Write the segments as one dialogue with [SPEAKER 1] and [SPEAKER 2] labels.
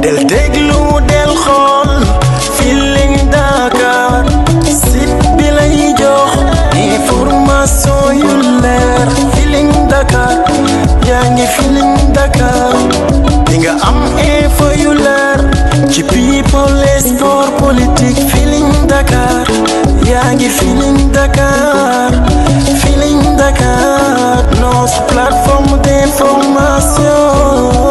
[SPEAKER 1] del déglu del xool Feeling Dakar site bi lay jox information yu leer Feeling Dakar yaa ngi Feeling Dakar di nga am info yu leer ci people et sport politique Feeling Dakar yaa ngi Feeling Dakar Feeling Dakar nos plateforme d'information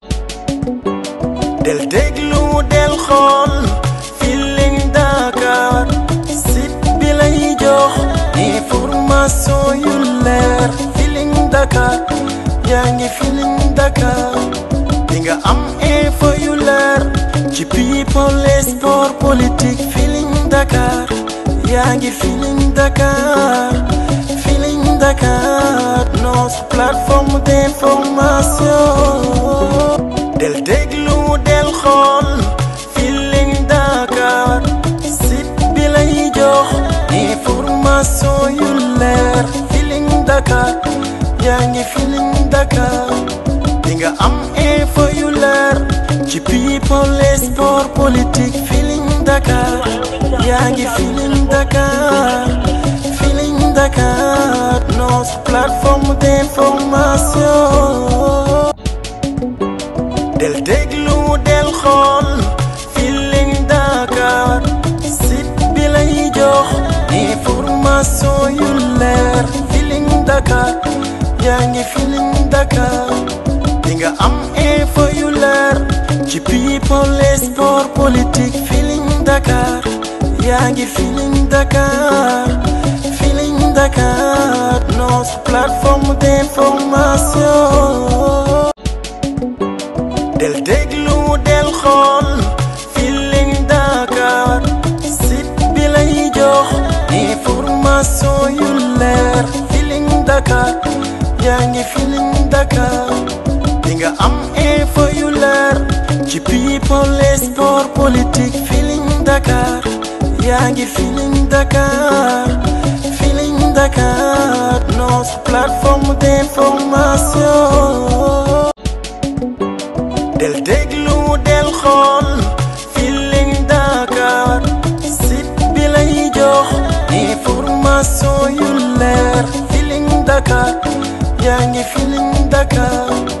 [SPEAKER 1] del déglu del xool Feeling Dakar site bi lay jox yu leer Feeling Dakar yaa ngi Feeling Dakar nga am info yu leer ci people et sport politique Feeling Dakar yaa ngi Dakar Feeling Dakar notre plateforme d'information del people sport politique Feeling Dakar yaa ngi Feeling Dakar Feeling Dakar nos plateforme d'information del déglu del xool Feeling Dakar site bi lay jox information yu leer Feeling Dakar yaa ngi Feeling Dakar di nga am info yu leer ci people et sport politique Feeling Dakar yaa ngi Feeling Dakar Feeling Dakar notre plateforme d'information. del déglu del xool Feeling Dakar site bi lay jox information yu leer Feeling Dakar yaa ngi Feeling Dakar. di nga am info yu leer ci people et sport politique Feeling Dakar yaa ngi Feeling Dakar Feeling Dakar nos plateforme d'information. del déglu del xool Feeling Dakar site bi lay jox information yu leer Feeling Dakar yaa ngi Feeling Dakar.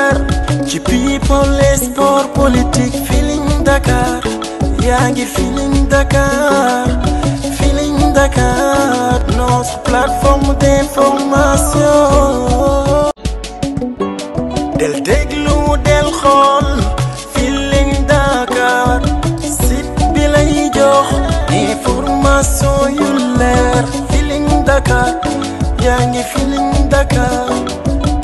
[SPEAKER 1] people les sport politique Feeling Dakar yaa ngi Feeling Dakar Feeling Dakar notre plateforme d'information. del déglu del xool Feeling Dakar site bi lay jox information yu leer Feeling Dakar yaa ngi Feeling Dakar.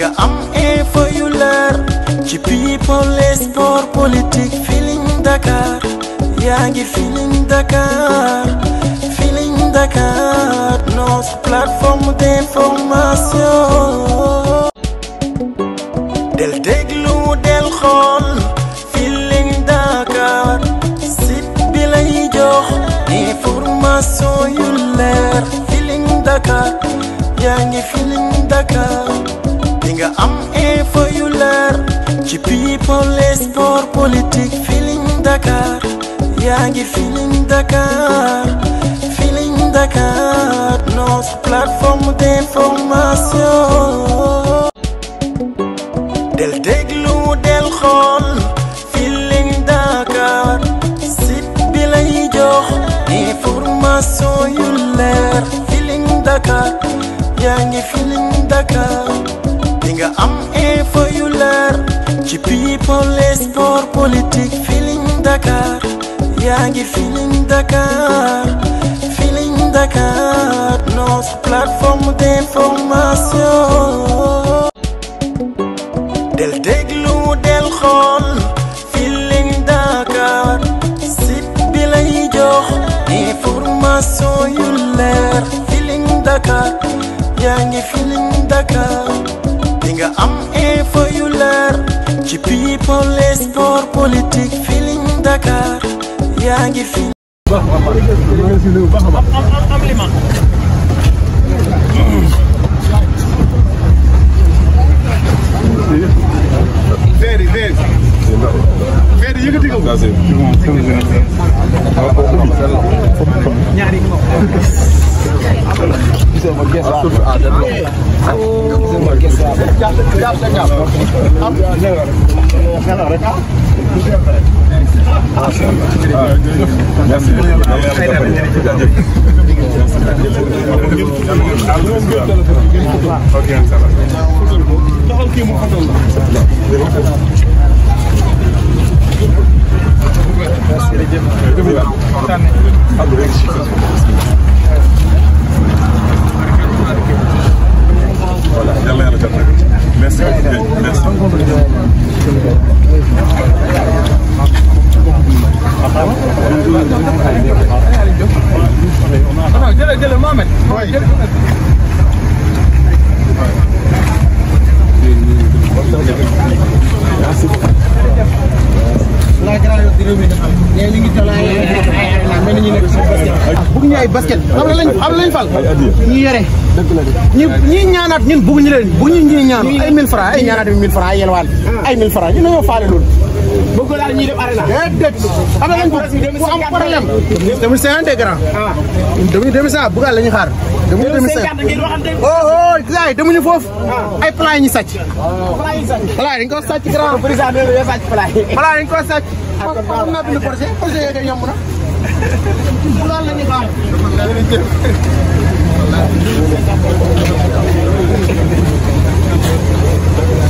[SPEAKER 1] nga am info yu leer ci people et sport politique Feeling Dakar yaa ngi Feeling Dakar Feeling Dakar notre plateforme d'information. del déglu del xool Feeling Dakar site bi lay jox information yu leer Feeling Dakar yaa ngi Feeling Dakar. di nga am info yu leer ci people et sport politique Feeling Dakar yaa ngi Feeling Dakar Feeling Dakar notre plateforme d'information. del déglu del xool Feeling Dakar site bi lay jox information yu leer Feeling Dakar yaa ngi Dakar. nga am info yu leer ci people et sport politique Feeling Dakar yaa ngi Feeling Dakar Feeling Dakar notre plateforme d'information. del déglu del xool Feeling Dakar site bi lay jox information yu leer Feeling Dakar yaa ngi Feeling Dakar. di nga am info yu leer ci people et sport politique Feeling Dakar yaa ngi fi. baax a baax baax a baax am am liman Very, very. Very, yëkkati ko. ñaari gisee ma gerte waaw gisee ma gerte waaw. jërëjëf. bëgg ñu ay basket xam nga lañ xam lañ fal ñu yore ñu ñi ñaanaat ñun bëgg ñu leen bëgg ñu ñuy ñaanu ay mille francs ay ñaanaat bi mille ay yelwaan ah. ay mille francs ñu ne faale loolu bëgg daal ñuy def arena. déedéet am nañ ko ku am problème. 2050 de grand. ah 2050 bu gaal la ñuy xaar. 2050 ngeen waxante. oh oh gars yi demuñu foofu. Ah. ay plan yi ñu sàcc. plan yi ñu sàcc. plan yi dañu ko sàcc grand. président bi dañoo sàcc plan yi. plan yi dañu ko sàcc. kon kon naa bind projet projet yooyu yomb na. loolu la ñuy xam. Thank you.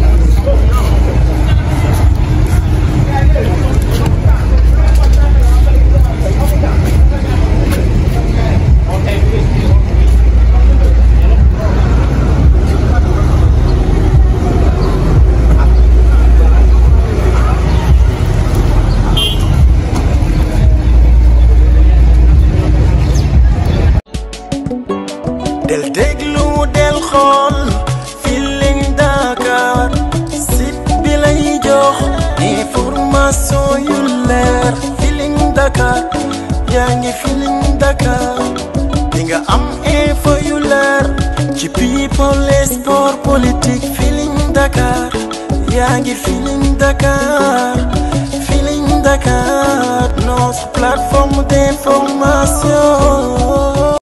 [SPEAKER 1] information yu leer Feeling Dakar yaa Feeling Dakar di nga am info yu leer ci people et sport Feeling Dakar yaa ngi Feeling Dakar Feeling Dakar nos plateforme d'information